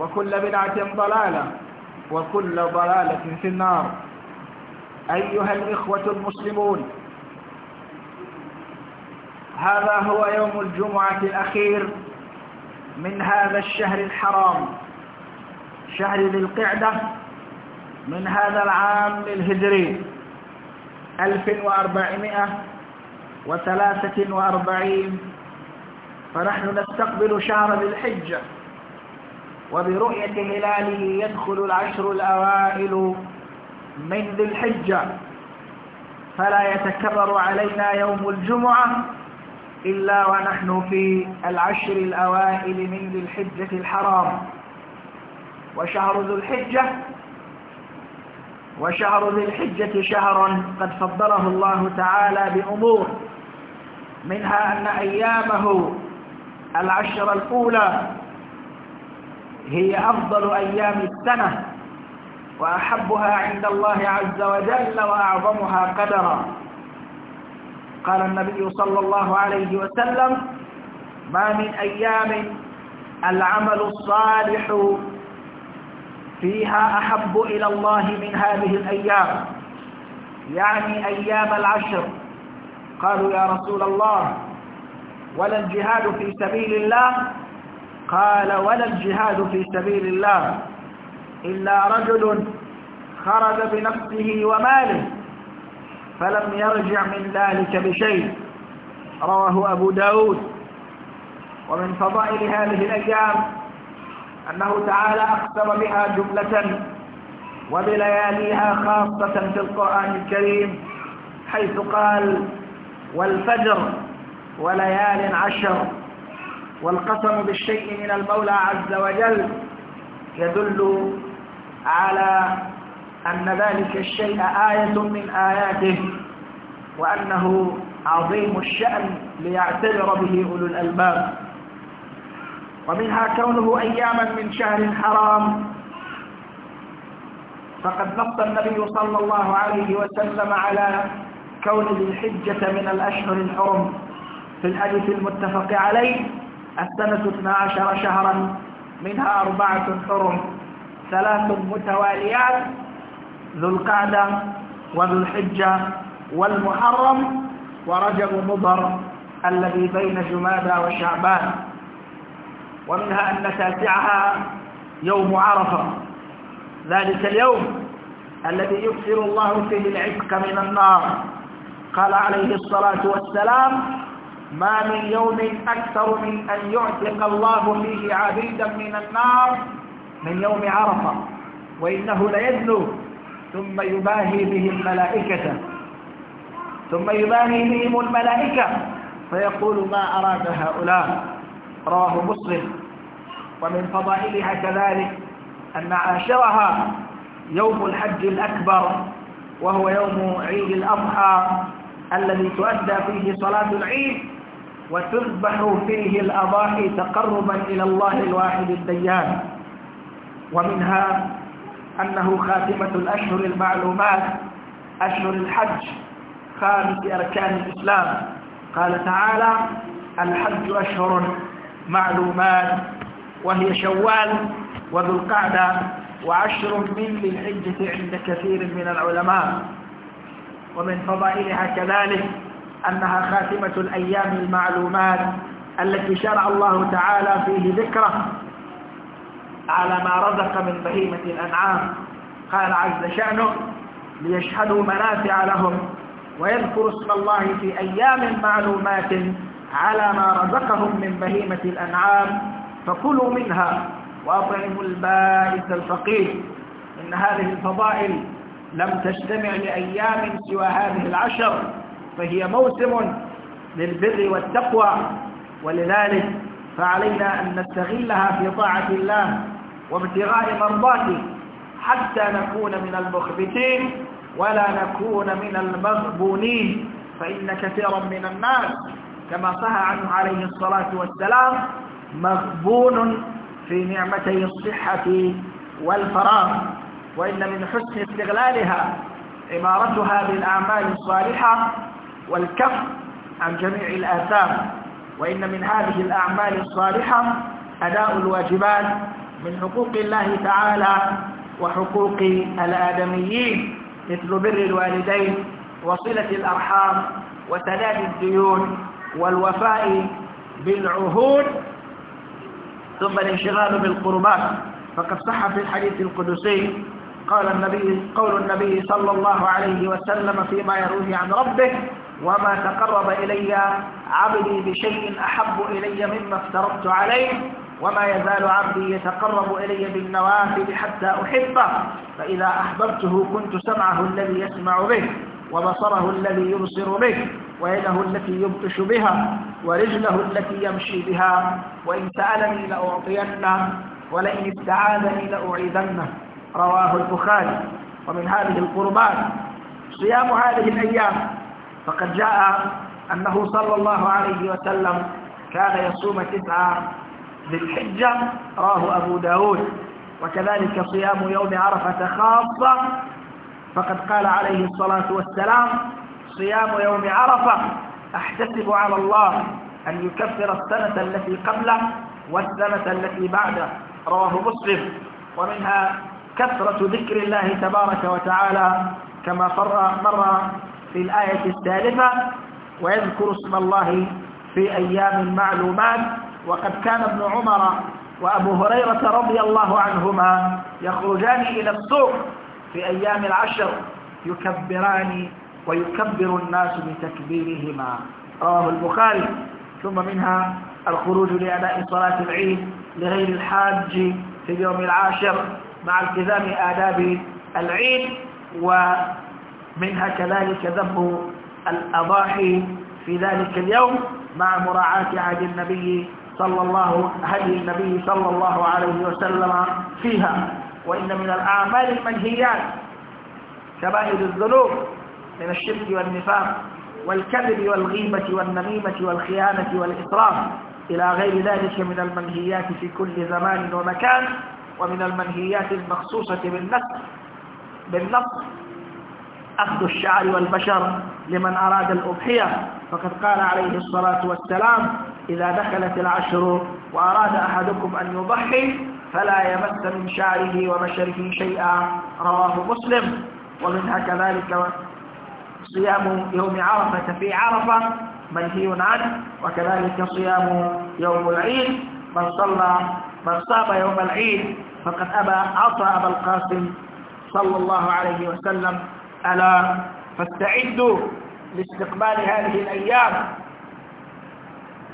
وكل بدعة ضلالة وكل ضلالة في النار أيها الإخوة المسلمون هذا هو يوم الجمعة الأخير من هذا الشهر الحرام شهر ذي القعدة من هذا العام الهجري 1443 فنحن نستقبل شهر ذي الحجة وبرؤية هلاله يدخل العشر الأوائل من ذي الحجة فلا يتكرر علينا يوم الجمعة إلا ونحن في العشر الأوائل من ذي الحجة الحرام وشهر ذو الحجة وشهر ذي الحجة شهر قد فضله الله تعالى بأمور منها أن أيامه العشر الأولى هي أفضل أيام السنة وأحبها عند الله عز وجل وأعظمها قدرا قال النبي صلى الله عليه وسلم ما من أيام العمل الصالح فيها أحب إلى الله من هذه الأيام يعني أيام العشر قالوا يا رسول الله ولا الجهاد في سبيل الله قال ولا الجهاد في سبيل الله إلا رجل خرج بنفسه وماله فلم يرجع من ذلك بشيء رواه أبو داود ومن فضائل هذه الأيام أنه تعالى أقسم بها جملة وبلياليها خاصة في القرآن الكريم حيث قال والفجر وليال عشر والقسم بالشيء من المولى عز وجل يدل على أن ذلك الشيء آية من آياته وأنه عظيم الشأن ليعتبر به أولو الألباب ومنها كونه أياما من شهر حرام فقد نص النبي صلى الله عليه وسلم على كون الحجة من الأشهر الحرم في الحديث المتفق عليه السنة 12 شهرا منها أربعة حرم ثلاث متواليات ذو القعدة وذو الحجة والمحرم ورجب مضر الذي بين جمادى وشعبان ومنها أن تاسعها يوم عرفة ذلك اليوم الذي يكسر الله فيه العتق من النار قال عليه الصلاة والسلام ما من يوم أكثر من أن يعتق الله فيه عبيدا من النار من يوم عرفة وإنه ليدنو ثم يباهي به الملائكة ثم يباهي بهم الملائكة فيقول ما أراد هؤلاء رواه مسلم ومن فضائلها كذلك أن عاشرها يوم الحج الأكبر وهو يوم عيد الأضحى الذي تؤدى فيه صلاة العيد وتذبح فيه الأضاحي تقربا إلى الله الواحد الديان ومنها أنه خاتمة الأشهر المعلومات أشهر الحج خامس أركان الإسلام قال تعالى الحج أشهر معلومات وهي شوال وذو القعدة وعشر من ذي الحجة عند كثير من العلماء ومن فضائلها كذلك أنها خاتمة الأيام المعلومات التي شرع الله تعالى فيه ذكره على ما رزق من بهيمة الأنعام قال عز شأنه ليشهدوا منافع لهم ويذكر اسم الله في أيام معلومات على ما رزقهم من بهيمة الأنعام فكلوا منها وأطعموا البائس الفقير إن هذه الفضائل لم تجتمع لأيام سوى هذه العشر فهي موسم للبر والتقوى ولذلك فعلينا أن نستغلها في طاعة الله وابتغاء مرضاته حتى نكون من المخبتين ولا نكون من المغبونين فإن كثيرا من الناس كما صح عنه عليه الصلاة والسلام مغبون في نعمتي الصحة والفراغ وإن من حسن استغلالها عمارتها بالأعمال الصالحة والكف عن جميع الآثام وإن من هذه الأعمال الصالحة أداء الواجبات من حقوق الله تعالى وحقوق الآدميين مثل بر الوالدين وصلة الأرحام وسداد الديون والوفاء بالعهود ثم الانشغال بالقربات فقد صح في الحديث القدسي قال النبي قول النبي صلى الله عليه وسلم فيما يروي عن ربه وما تقرب إلي عبدي بشيء أحب إلي مما افترضت عليه وما يزال عبدي يتقرب إلي بالنوافل حتى أحبه فإذا أحببته كنت سمعه الذي يسمع به وبصره الذي يبصر به ويده التي يبطش بها ورجله التي يمشي بها وإن سألني لأعطينه ولئن استعاذني لأعيذنه رواه البخاري ومن هذه القربات صيام هذه الأيام فقد جاء أنه صلى الله عليه وسلم كان يصوم تسعة ذي الحجة راه أبو داود وكذلك صيام يوم عرفة خاصة فقد قال عليه الصلاة والسلام صيام يوم عرفة أحتسب على الله أن يكفر السنة التي قبله والسنة التي بعده رواه مسلم ومنها كثرة ذكر الله تبارك وتعالى كما مر في الآية الثالثة ويذكر اسم الله في أيام معلومات وقد كان ابن عمر وأبو هريرة رضي الله عنهما يخرجان إلى السوق في أيام العشر يكبران ويكبر الناس بتكبيرهما رواه البخاري ثم منها الخروج لأداء صلاة العيد لغير الحاج في اليوم العاشر مع التزام آداب العيد و منها كذلك ذب الأضاحي في ذلك اليوم مع مراعاة عهد النبي صلى الله هدي النبي صلى الله عليه وسلم فيها وإن من الأعمال المنهيات كبائر الذنوب من الشرك والنفاق والكذب والغيبة والنميمة والخيانة والإسراف إلى غير ذلك من المنهيات في كل زمان ومكان ومن المنهيات المخصوصة بالنص بالنص أخذ الشعر والبشر لمن أراد الأضحية فقد قال عليه الصلاة والسلام إذا دخلت العشر وأراد أحدكم أن يضحي فلا يمس من شعره وبشره شيئا رواه مسلم ومنها كذلك صيام يوم عرفة في عرفة منهي عنه وكذلك صيام يوم العيد من صلى من صاب يوم العيد فقد أبى عصى أبا القاسم صلى الله عليه وسلم ألا فاستعدوا لاستقبال هذه الأيام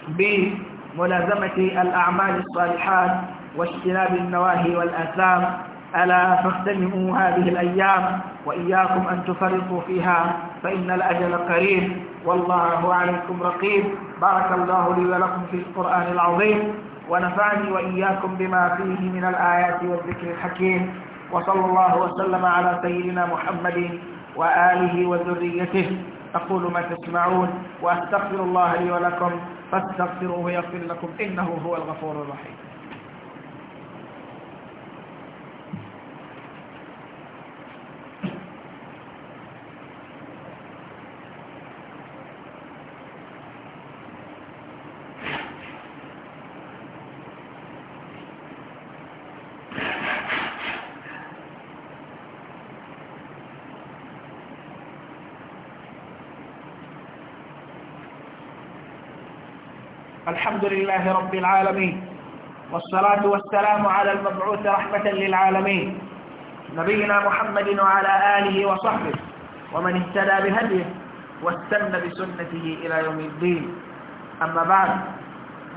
بملازمة الأعمال الصالحات واجتناب النواهي والآثام ألا فاغتنموا هذه الأيام وإياكم أن تفرطوا فيها فإن الأجل قريب والله عليكم رقيب بارك الله لي ولكم في القرآن العظيم ونفعني وإياكم بما فيه من الآيات والذكر الحكيم وصلى الله وسلم على سيدنا محمد وآله وذريته أقول ما تسمعون وأستغفر الله لي ولكم فاستغفروه يغفر لكم إنه هو الغفور الرحيم الحمد لله رب العالمين والصلاة والسلام على المبعوث رحمة للعالمين نبينا محمد وعلى آله وصحبه ومن اهتدى بهديه واستنى بسنته إلى يوم الدين أما بعد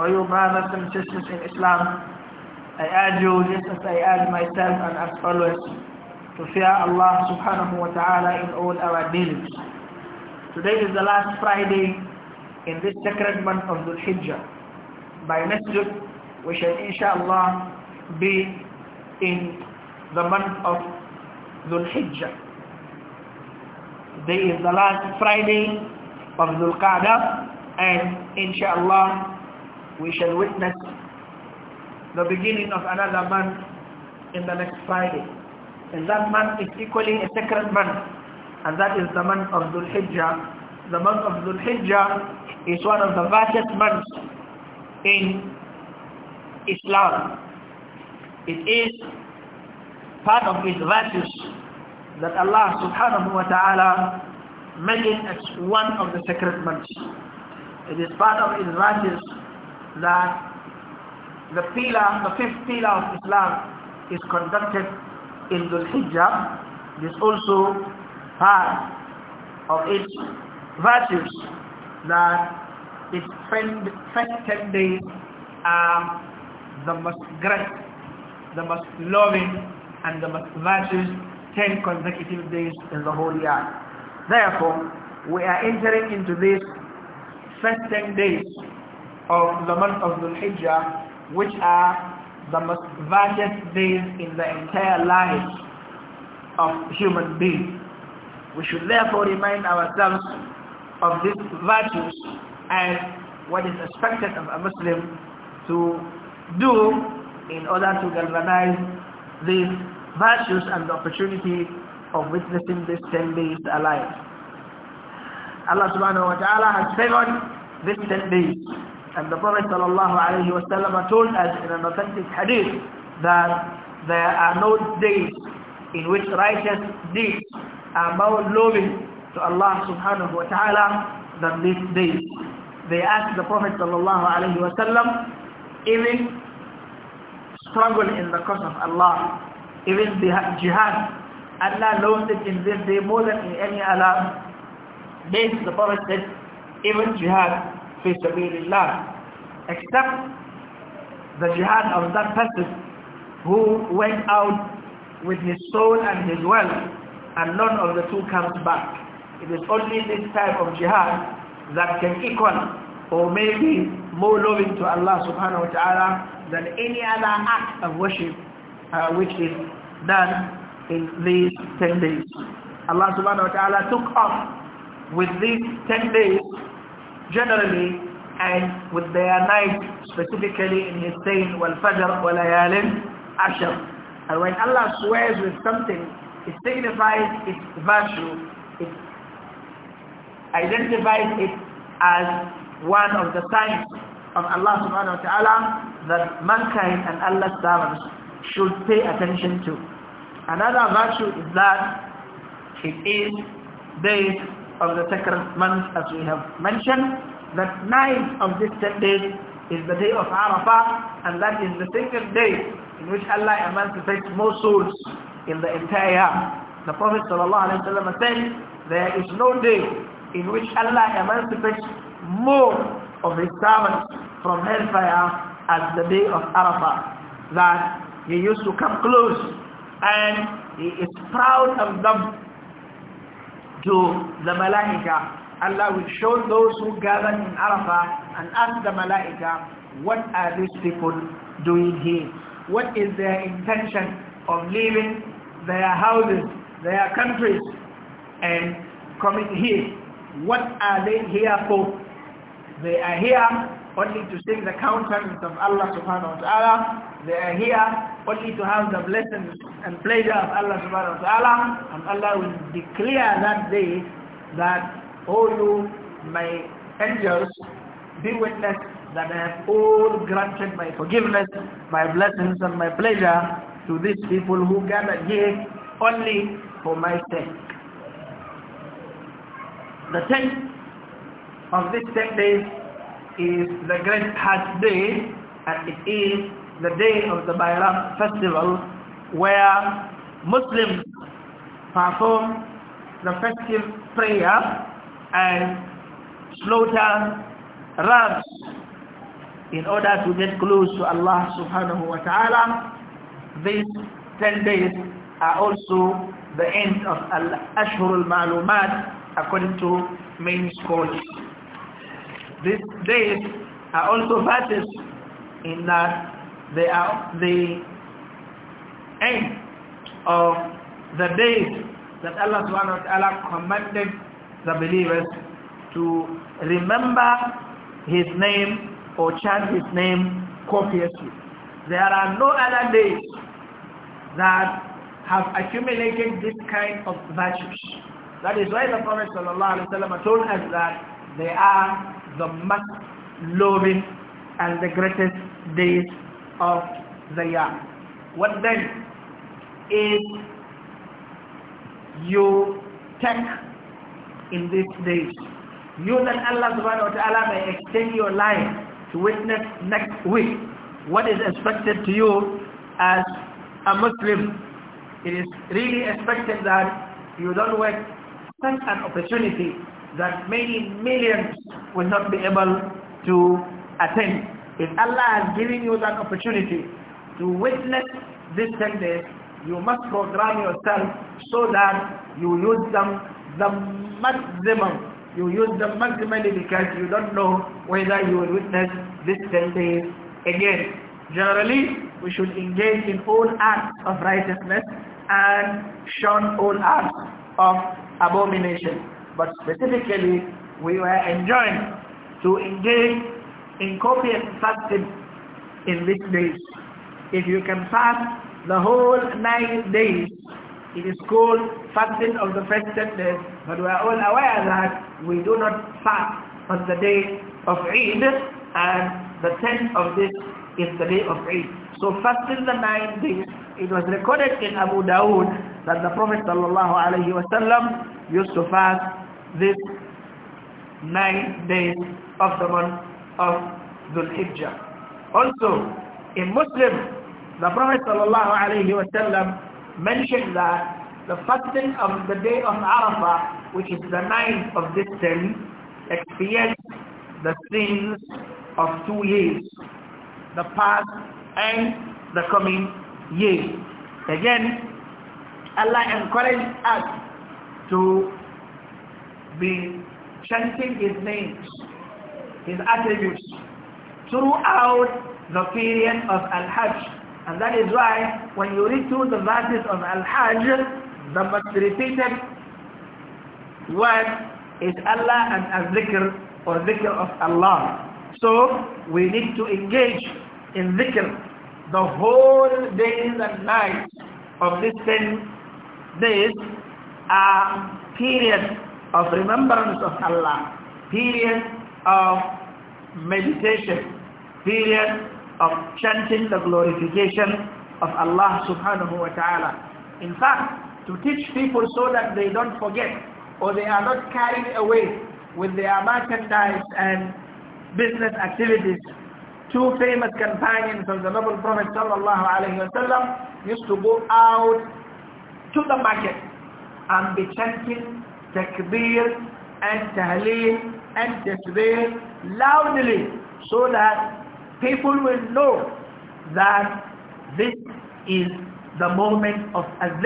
أيوب هذا سمسسس الإسلام أي أجو جسس أي أجو ميسال أن أسألوه تفيا الله سبحانه وتعالى إن أول أوى Today is the last Friday in this sacred month of Dhul Hijjah. By next we shall inshallah be in the month of Dhul Hijjah. This is the last Friday of Dhul Qa'dah and inshallah we shall witness the beginning of another month in the next Friday. And that month is equally a sacred month and that is the month of Dhul Hijjah. The month of Dhul Hijjah is one of the vastest months in Islam. It is part of its virtues that Allah subhanahu wa ta'ala made it as one of the sacred months. It is part of its virtues that the pillar, the fifth pillar of Islam is conducted in the Hijjah. It is also part of its virtues that its first, first 10 days are um, the most great, the most loving, and the most virtuous 10 consecutive days in the whole year. Therefore, we are entering into these first 10 days of the month of Dhul Hijjah, which are the most virtuous days in the entire life of human beings. We should therefore remind ourselves of these virtues and what is expected of a Muslim to do in order to galvanize these virtues and the opportunity of witnessing these 10 days alive. Allah subhanahu wa ta'ala has favored these 10 days and the Prophet sallallahu alayhi wa sallam told us in an authentic hadith that there are no days in which righteous deeds are more loving to Allah subhanahu wa ta'ala than these days. They asked the Prophet sallallahu alayhi wa sallam, even struggle in the cause of Allah, even jihad, Allah knows it in this day more than in any other days. The Prophet said, even jihad fi sabilillah, except the jihad of that person who went out with his soul and his wealth and none of the two comes back. It is only this type of jihad that can equal or maybe more loving to Allah subhanahu wa ta'ala than any other act of worship uh, which is done in these 10 days. Allah subhanahu wa ta'ala took off with these 10 days generally and with their night specifically in his saying wal-fajr wal-layalin ashar and when Allah swears with something it signifies its virtue its identifies it as one of the signs of Allah subhanahu wa ta'ala that mankind and Allah's servants should pay attention to. Another virtue is that it is days of the sacred month as we have mentioned. That ninth of this 10 days is the day of Arafah and that is the second day in which Allah emancipates most souls in the entire year. The Prophet Sallallahu ﷺ said, there is no day in which Allah emancipates more of his servants from hellfire as the day of Arafah that he used to come close and he is proud of them to the Malaika. Allah will show those who gather in Arafah and ask the Malaika, what are these people doing here? What is their intention of leaving their houses, their countries and coming here? What are they here for? They are here only to sing the countenance of Allah subhanahu wa ta'ala. They are here only to have the blessings and pleasure of Allah subhanahu wa ta'ala. And Allah will declare that day that, all you, my angels, be witness that I have all granted my forgiveness, my blessings and my pleasure to these people who gathered here only for my sake. The tenth of these ten days is the Great Hajj Day and it is the day of the Bayram festival where Muslims perform the festive prayer and slaughter rams in order to get close to Allah subhanahu wa ta'ala. These 10 days are also the end of Al-Ashhur al-Malumat according to many scholars. These days are also verses in that they are the end of the days that Allah subhanahu wa ta'ala commanded the believers to remember his name or chant his name copiously. There are no other days that have accumulated this kind of virtues. That is why the Prophet ﷺ told us that they are the most loving and the greatest days of the year. What then is you take in these days? You that Allah subhanahu wa ta'ala may extend your life to witness next week what is expected to you as a Muslim. It is really expected that you don't wait such an opportunity that many millions will not be able to attend. If Allah has given you that opportunity to witness these 10 days, you must program yourself so that you use them the maximum. You use them maximally because you don't know whether you will witness these 10 days again. Generally, we should engage in all acts of righteousness and shun all acts of abomination. But specifically, we were enjoined to engage in copious fasting in these days. If you can fast the whole nine days, it is called fasting of the first ten days. But we are all aware that we do not fast on the day of Eid, and the tenth of this is the day of Eid. So fasting the nine days, it was recorded in Abu Dawood that the Prophet sallallahu used to fast this nine days of the month of Dhul Hijjah. Also, in Muslim, the Prophet sallallahu mentioned that the fasting of the day of Arafah, which is the ninth of this ten, expiates the sins of two years, the past and the coming year. Again, Allah encouraged us to be chanting His names, His attributes throughout the period of Al-Hajj. And that is why when you read through the verses of Al-Hajj, the most repeated word is Allah and Al-Zikr or Zikr of Allah. So we need to engage in Zikr the whole days and nights of this 10 these are periods of remembrance of Allah, periods of meditation, periods of chanting the glorification of Allah subhanahu wa ta'ala. In fact, to teach people so that they don't forget or they are not carried away with their merchandise and business activities. Two famous companions of the noble Prophet sallallahu alayhi wa sallam used to go out to the market and be chanting takbir and tahleel and tasbih loudly so that people will know that this is the moment of al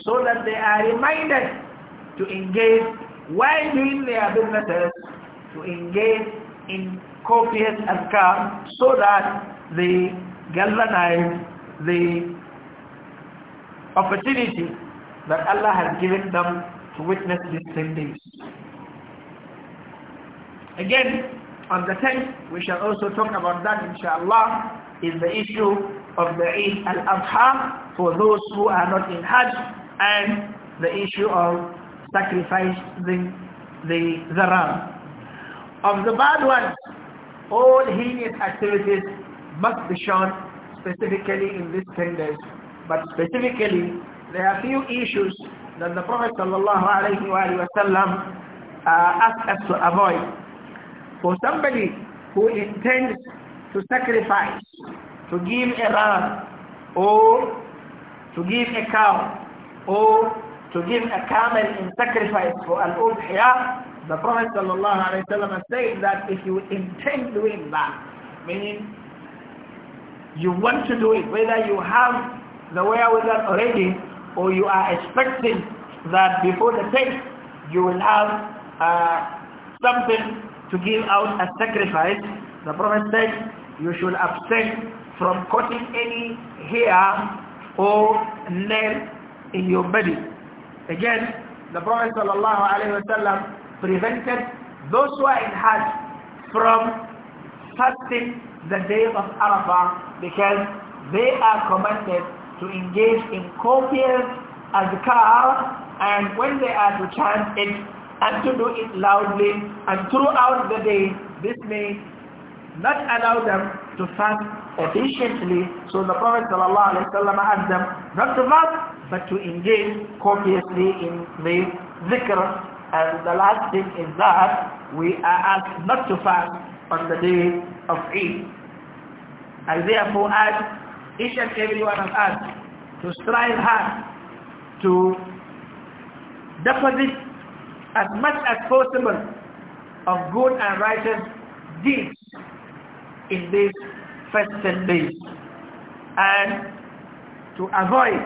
so that they are reminded to engage while doing their businesses to engage in copious azkar so that they galvanize the opportunity that Allah has given them to witness these 10 days. Again, on the 10th, we shall also talk about that inshallah, is the issue of the Eid al-Adha for those who are not in Hajj and the issue of sacrificing the, the Of the bad ones, all heinous activities must be shown specifically in these 10 days but specifically there are few issues that the Prophet sallallahu alaihi wasallam uh, asked us to avoid. For somebody who intends to sacrifice, to give a ram, or to give a cow, or to give a camel in sacrifice for an udhiyah, the Prophet sallallahu alaihi wasallam said that if you intend doing that, meaning you want to do it, whether you have the way wherewithal already or you are expecting that before the taste you will have uh, something to give out as sacrifice, the Prophet said you should abstain from cutting any hair or nail in your body. Again, the Prophet wasallam prevented those who are in Hajj from fasting the day of Arafah because they are commanded to engage in copious azkar and when they are to chant it and to do it loudly and throughout the day this may not allow them to fast efficiently so the Prophet ﷺ asked them not to fast but to engage copiously in the zikr and the last thing is that we are asked not to fast on the day of Eid I therefore ask each and every one of us to strive hard to deposit as much as possible of good and righteous deeds in these first 10 days and to avoid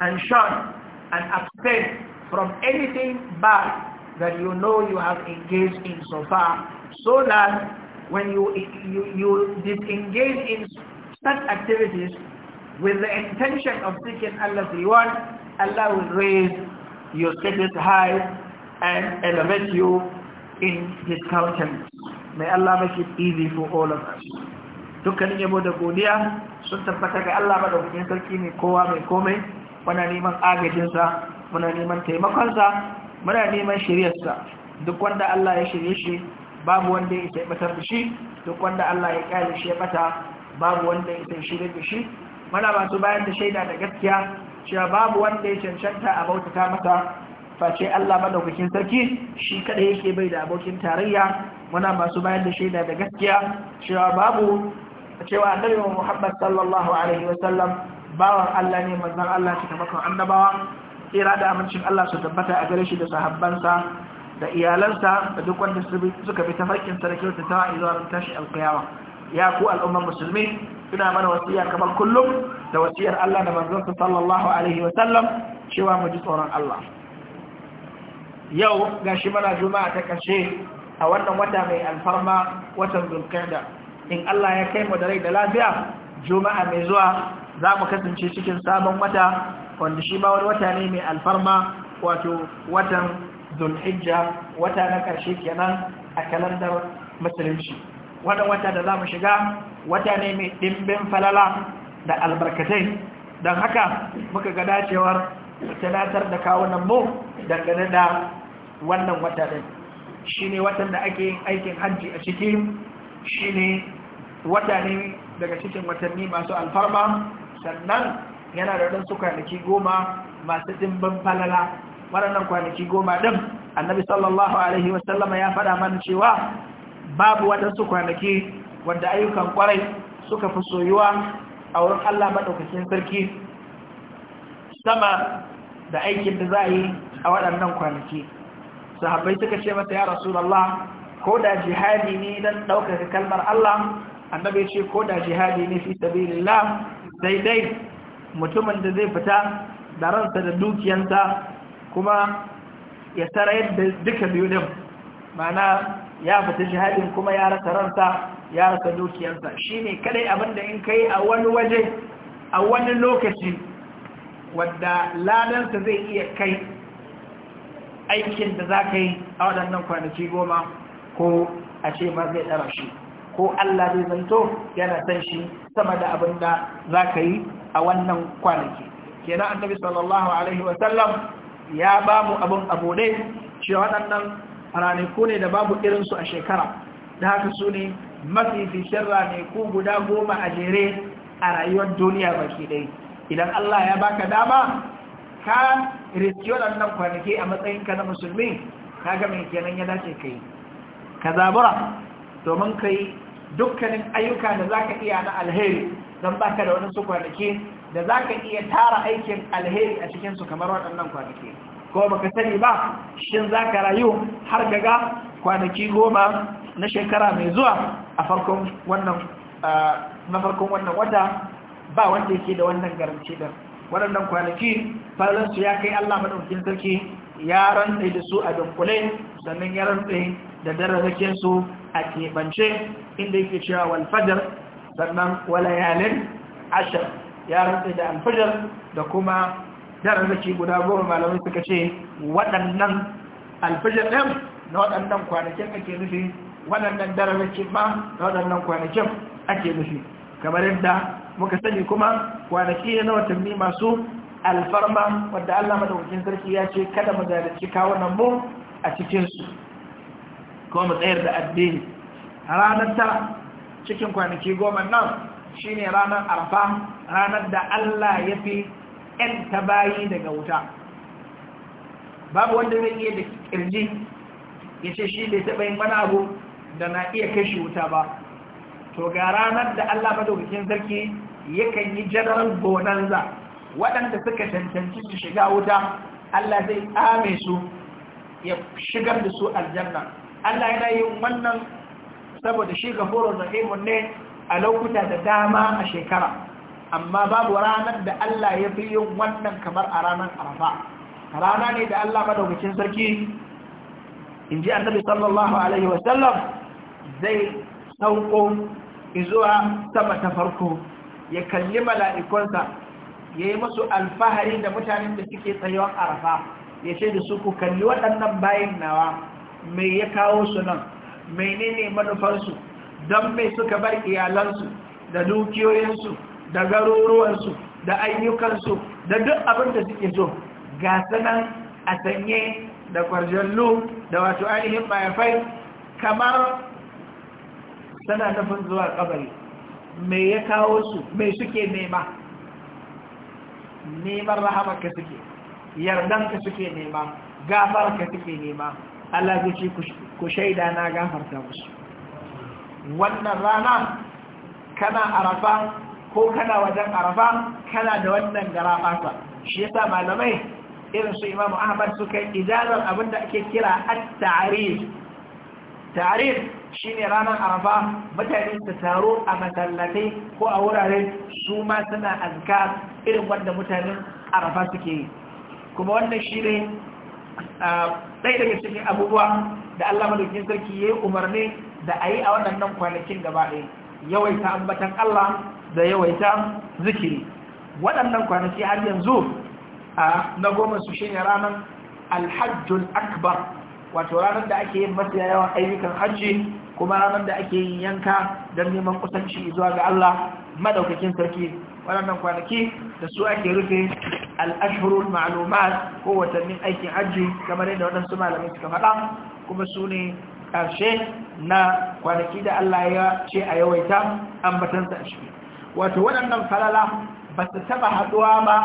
and shun and abstain from anything bad that you know you have engaged in so far so that when you, you, you disengage in such activities with the intention of seeking Allah's reward, Allah will raise your status high and elevate you in His countenance. May Allah make it easy for all of us. Dukkanin yabo da godiya sun tabbata ga Allah madaukakin sarki ne kowa mai komai, muna neman agajinsa, muna neman taimakonsa, muna neman shiryarsa. Duk wanda Allah ya shirye shi, babu wanda ya batar da shi, duk wanda Allah ya kyale shi ya bata babu wanda ya shi da shi muna masu bayan da shaida da gaskiya cewa babu wanda ya cancanta a bautata masa face Allah madaukakin sarki shi kada yake bai da abokin tarayya muna masu bayan da shaida da gaskiya cewa babu cewa annabi Muhammad sallallahu alaihi Wasallam, bawan Allah ne manzon Allah cika maka annabawa tsira da amincin Allah su tabbata a gare shi da sahabbansa da iyalansa da duk wanda suka bi tafarkin sarki ta tawa zuwa tashi alƙiyama ya ku al'ummar musulmi suna mana wasiya kamar kullum da wasiyar Allah da manzansa sallallahu alaihi wa sallam cewa mu ji tsoron Allah yau gashi mana juma'a ta ƙarshe a wannan wata mai alfarma watan zulqa'da in Allah ya kai mu da rai da lafiya juma'a mai zuwa za mu kasance cikin sabon wata wanda shi ma wani wata ne mai alfarma wato watan zulhijja wata na ƙarshe kenan a kalandar musulunci wata wata da za mu shiga wata ne mai ɗimbin falala da albarkatai don haka muka ga dacewar tunatar da kawunan mu dangane da wannan wata ɗin shi ne watan da ake yin aikin hajji a ciki shi ne wata ne daga cikin watanni masu alfarma sannan yana da ɗansu kwanaki goma masu ɗimbin falala waɗannan kwanaki goma ɗin annabi sallallahu alaihi wasallama ya faɗa mana cewa babu waɗansu kwanaki wanda ayyukan kwarai suka fi soyuwa a wurin Allah maɗaukakin sarki sama da aikin da za a yi a waɗannan kwanaki sahabbai suka ce mata ya rasulallah ko da jihadi ne don ɗaukaka kalmar Allah annabi ce ko da jihadi ne fi sabilillah daidai mutumin da zai fita da ransa da dukiyansa kuma ya tara da duka biyu din mana ya fita jihadin kuma ya rasa ransa ya rasa dukiyarsa shine kadai abinda in kai a wani waje a wani lokaci wadda ladansa zai iya kai aikin da za ka yi a waɗannan kwanaki goma ko a ce ma zai ɗara shi ko Allah zai zanto yana san shi sama da abin da za ka yi a wannan kwanaki kenan annabi sallallahu alaihi wasallam ya ba mu abin abu ne cewa waɗannan ranaku ne da babu irin su a shekara da haka su ne mafi mafificin ranaku guda goma a jere a rayuwar duniya baki ɗaya idan Allah ya baka dama ka riski waɗannan kwanaki a matsayinka na musulmi kaga mai kenan ya dace ka yi ka zabura domin ka yi dukkanin ayyuka da za ka iya na alheri don baka da wani su kwanaki da za ka iya tara aikin alheri a cikinsu kamar waɗannan kwanaki ko baka sani ba shin za ka rayu har daga kwanaki goma na shekara mai zuwa a farkon wannan na farkon wannan wata ba wanda yake da wannan garanti da waɗannan kwanaki faransu ya kai Allah maɗaukin sarki ya rantsa da su a dunkule sannan ya rantsa da dararrakin su a keɓance inda yake cewa walfajar sannan walayalin ashir ya rantsa da alfajar da kuma Dararraki zaki guda goma malamai suka ce waɗannan alfajar ɗin na waɗannan kwanakin ake nufi waɗannan daren ma na waɗannan kwanakin ake nufi kamar yadda muka sani kuma kwanaki na watanni masu alfarma wadda Allah madaukakin sarki ya ce kada mu zalunci kawunan mu a cikin su mu tsayar da addini ranar ta cikin kwanaki goma nan shine ranar arfa ranar da Allah ya fi ta bayi daga wuta babu wanda zai iya da kirji ya ce shi bai taɓa yin wani abu da na iya kashe wuta ba to ga ranar da allah madaukakin sarki yakan yi general bonanza waɗanda suka cancanci su shiga wuta allah zai tsame su ya shigar da su aljanna allah yana yin wannan saboda shi da rahimun ne a lokuta da dama a shekara amma babu ranar da Allah ya fi yin wannan kamar a ranar arafa rana ne da Allah madaukacin sarki in ji annabi sallallahu alaihi wasallam zai sauko izuwa sama ta farko ya kalli mala'ikonsa ya yi musu alfahari da mutanen da suke tsayon arafa ya ce da su ku kalli waɗannan bayan nawa mai ya kawo su nan menene manufarsu don mai suka bar iyalansu da dukiyoyinsu da garuruwansu da ayyukansu da duk abin da suke so ga sanan a sanye da kwarjallu da wato ainihin mayafai kamar tana nufin zuwa kabari mai ya kawo su mai suke nema neman rahamarka suke yardanka suke nema gafarka suke nema Allah zai ce ku shaida na gafarta musu wannan rana kana arafa ko kana wajen arafa kana da wannan gara fasa shi yasa malamai irin su imamu ahmad suka yi ijazar abin da ake kira at-ta'rif ta'rif shine ranar arafa mutane su taro a masallatai ko a wurare, su ma suna azkar irin wanda mutanen arafa suke yi kuma wannan shine ɗaya daga cikin abubuwa da Allah madaukin sarki yayi umarni da ayi a waɗannan kwanakin gaba ɗaya yawaita ambatan Allah da yawaita zikiri waɗannan kwanaki har yanzu a na goma su shine ranar alhajjul akbar wato ranar da ake yin masu yawan ayyukan hajji kuma ranar da ake yin yanka don neman kusanci zuwa ga Allah madaukakin sarki waɗannan kwanaki da su ake rufe al'ashirul ma'alumat ko watannin aikin hajji kamar yadda waɗansu malamai suka faɗa kuma su ne ƙarshe na kwanaki da Allah ya ce a yawaita ambatansa a ciki wato waɗannan falala ba su taɓa haɗuwa ba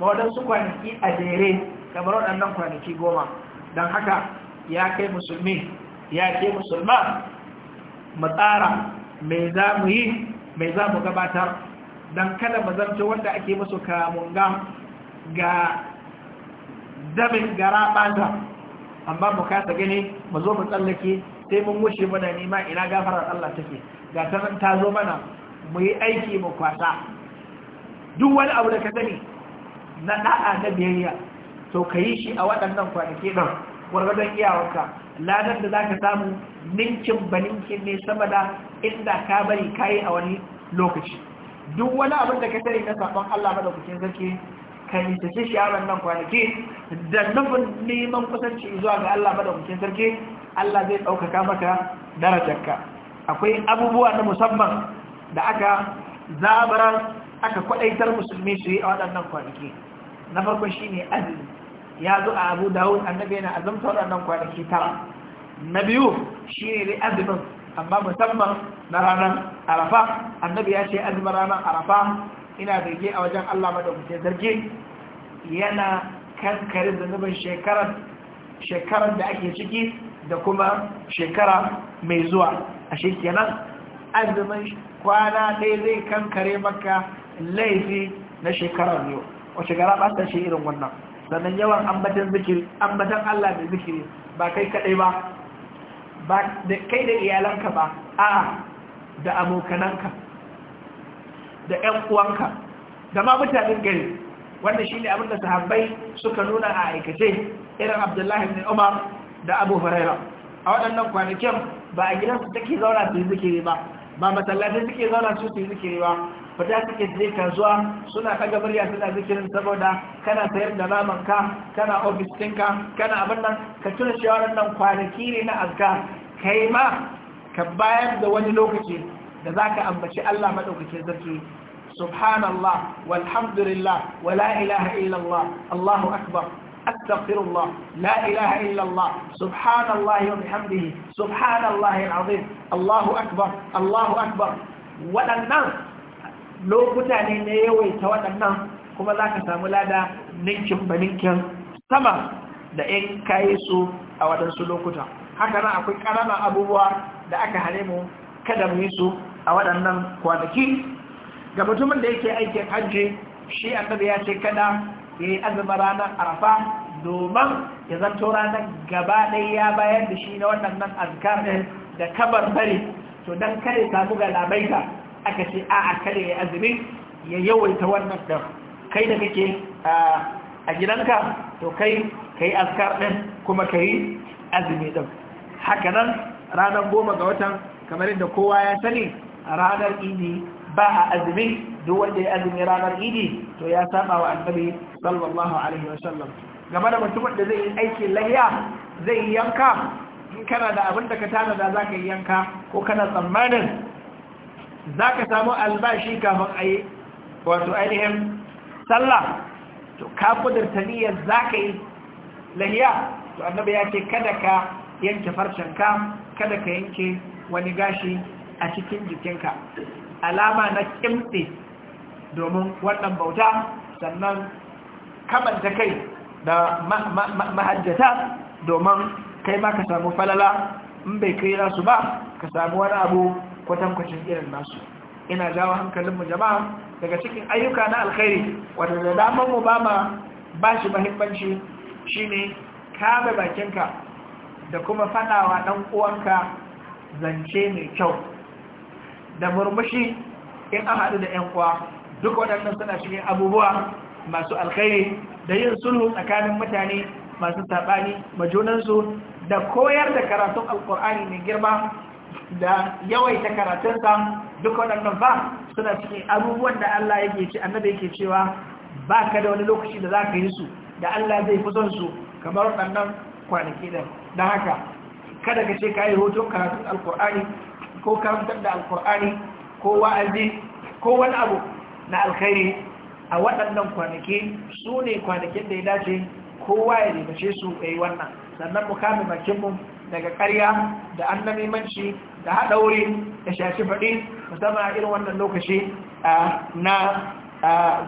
ba waɗansu kwanaki a jere kamar waɗannan kwanaki goma don haka ya kai musulmi ya ke musulma matsara mai za mu yi mai za mu gabatar don kada mazarci wanda ake musu kamun ga damin gara ɓata amma mu kasa gani mu zo mu tsallake sai mun wuce mana nema ina gafarar Allah take ga ta nan ta zo mana mu yi aiki mu kwasa duk wani abu da ka sani na da'a na biyayya to ka yi shi a waɗannan kwanaki ɗin gwargwadon iyawarka ladar da za ka samu ninkin baninkin ne sama da inda ka bari kayi a wani lokaci duk wani abin da ka sani na saɓon Allah madaukakin sarki ka ce shi a nan kwanaki da nufin neman kusanci zuwa ga Allah madaukakin sarki Allah zai ɗaukaka maka darajarka akwai abubuwa na musamman da aka zabara aka kwaɗaitar musulmi su yi a waɗannan kwanaki na farko shi ne azumi ya zo a abu dawud annabi yana azumta waɗannan kwanaki tara na biyu shi ne azumin amma musamman na ranar arafa annabi ya ce azumin ranar arafa ina bege a wajen Allah madaukakin zarge yana kankarin zunubin shekarar shekarar da ake ciki da kuma shekara mai zuwa a shekenan azumin kwana ɗaya zai kankare maka laifi na shekarar yau wace gara ta ce irin wannan sannan yawan ambatan zikiri ambatan Allah da zikiri ba kai kaɗai ba kai da iyalanka ba a da abokananka da ‘yan uwanka da ma mutanen gari wanda shi ne abin da sahabbai suka nuna a aikace irin abdullahi bin umar da abu huraira a waɗannan kwanakin ba a gidansu take zauna su yi zikiri ba ba masallaci suke zauna su su yi zikiri ba fita suke je zuwa suna kaga murya suna zikirin saboda kana sayar da naman ka kana ofis ɗinka kana abin nan ka tuna cewa waɗannan kwanaki ne na azka kai ma ka bayar da wani lokaci da za ka ambaci Allah maɗaukakin sarki subhanallah walhamdulillah wa la ilaha illallah Allahu akbar أستغفر الله لا إله إلا الله سبحان الله وبحمده سبحان الله العظيم الله أكبر waɗannan lokuta ne na yawaita waɗannan kuma za ka samu lada ninkin ba sama da ‘yan a waɗansu lokuta haka nan akwai ƙananan abubuwa da aka hane mu kada mu yi a waɗannan kwanaki ga mutumin da yake aikin hajji shi annabi ya ce kada ya yi azumin ranar arafa domin ya zanto ranar gaba ɗaya ya bayar da shi na waɗannan azkar da kabar bari to don kare samu ga labaita aka ce a a kare ya azumi ya yawaita wannan da kai da kake a gidanka to kai ka yi azkar ɗin kuma ka yi azumi ɗin haka nan ranar goma ga watan kamar yadda kowa ya sani ranar idi ba a azumi duk wanda ya azumi ranar idi to ya saba wa annabi sallallahu alaihi wasallam game da mutumin da zai yi aiki lahiya zai yi yanka in kana da abin da ka tana da zaka yi yanka ko kana tsammanin zaka samu albashi kafin a yi wato ainihin sallah to ka kudurta niyyar zaka yi lahiya to annabi ya ce kada ka yanke ka? kada ka yanke wani gashi a cikin jikinka alama na kimtse domin wannan bauta sannan kamanta kai da mahajjata domin kai ma ka samu falala in bai kai nasu ba ka samu wani abu kwatankwacin irin nasu ina jawo hankalinmu jama'a daga cikin ayyuka na alkhairi wata da damar mu ba ma ba shi mahimmanci shine kame bakinka da kuma faɗawa ɗan uwanka zance mai kyau da murmushi in an haɗu da ‘yan kuwa duk waɗannan suna shirin abubuwa masu alkhairi da yin sulhu tsakanin mutane masu saɓani majunansu da koyar da karatun alkur'ani mai girma da yawaita karatunsa duk waɗannan ba suna cikin abubuwan da Allah yake ce annabi yake cewa ba ka da wani lokaci da za ka yi su da Allah zai fi son su kamar waɗannan kwanaki ɗin don haka kada ka ce ka yi hoton karatun alkur'ani ko karantar da alkur'ani ko wa'azi ko wani abu na alkhairi a waɗannan kwanaki su ne kwanakin da ya dace kowa ya ribace su yi wannan sannan mu kame bakinmu daga ƙarya da annamimanci da haɗa wuri da shashi faɗi musamman a irin wannan lokaci na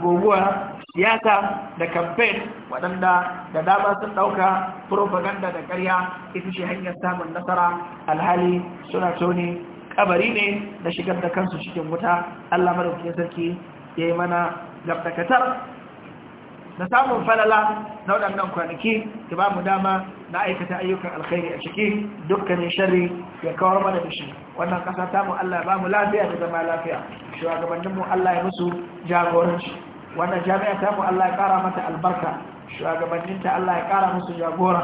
guguwa siyasa da kamfein waɗanda da dama sun ɗauka propaganda da ƙarya ita ce hanyar samun nasara alhali suna tone kabari ne da shigar da kansu cikin wuta Allah madaukakin sarki ya yi mana gabtakatar da samun falala na waɗannan kwanaki da ba mu dama na aikata ayyukan alkhairi a ciki dukkanin sharri ya kawar mana da shi wannan kasa ta mu Allah ba mu lafiya da zama lafiya shugabanninmu Allah ya musu jagoranci wannan jami'a ta mu Allah ya ƙara mata albarka shugabanninta Allah ya ƙara musu jagora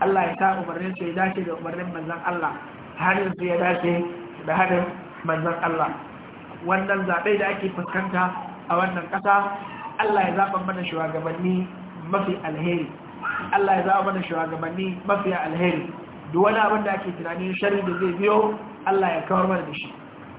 Allah ya sa umarnin su ya dace da umarnin manzan Allah har yanzu ya dace da haɗin manzan Allah wannan zaɓe da ake fuskanta a wannan ƙasa Allah ya zaɓa mana shugabanni mafi alheri Allah ya zaɓa mana shugabanni mafi alheri duk wani abin da ake tunanin shari da zai biyo Allah ya kawar mana da shi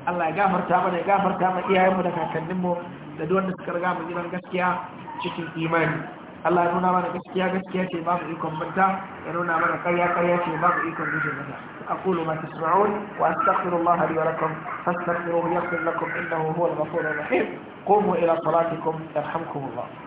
Allah ya gafarta mana ya gafarta mana iyayenmu da kakanninmu da duk wanda suka riga mu gidan gaskiya cikin imani Allah ya nuna mana gaskiya gaskiya ce babu ikon banta ya nuna mana karya karya ce babu ikon guje mata أقول ما تسمعون وأستغفر الله لي ولكم فاستغفروه يغفر لكم إنه هو الغفور الرحيم قوموا إلى صلاتكم يرحمكم الله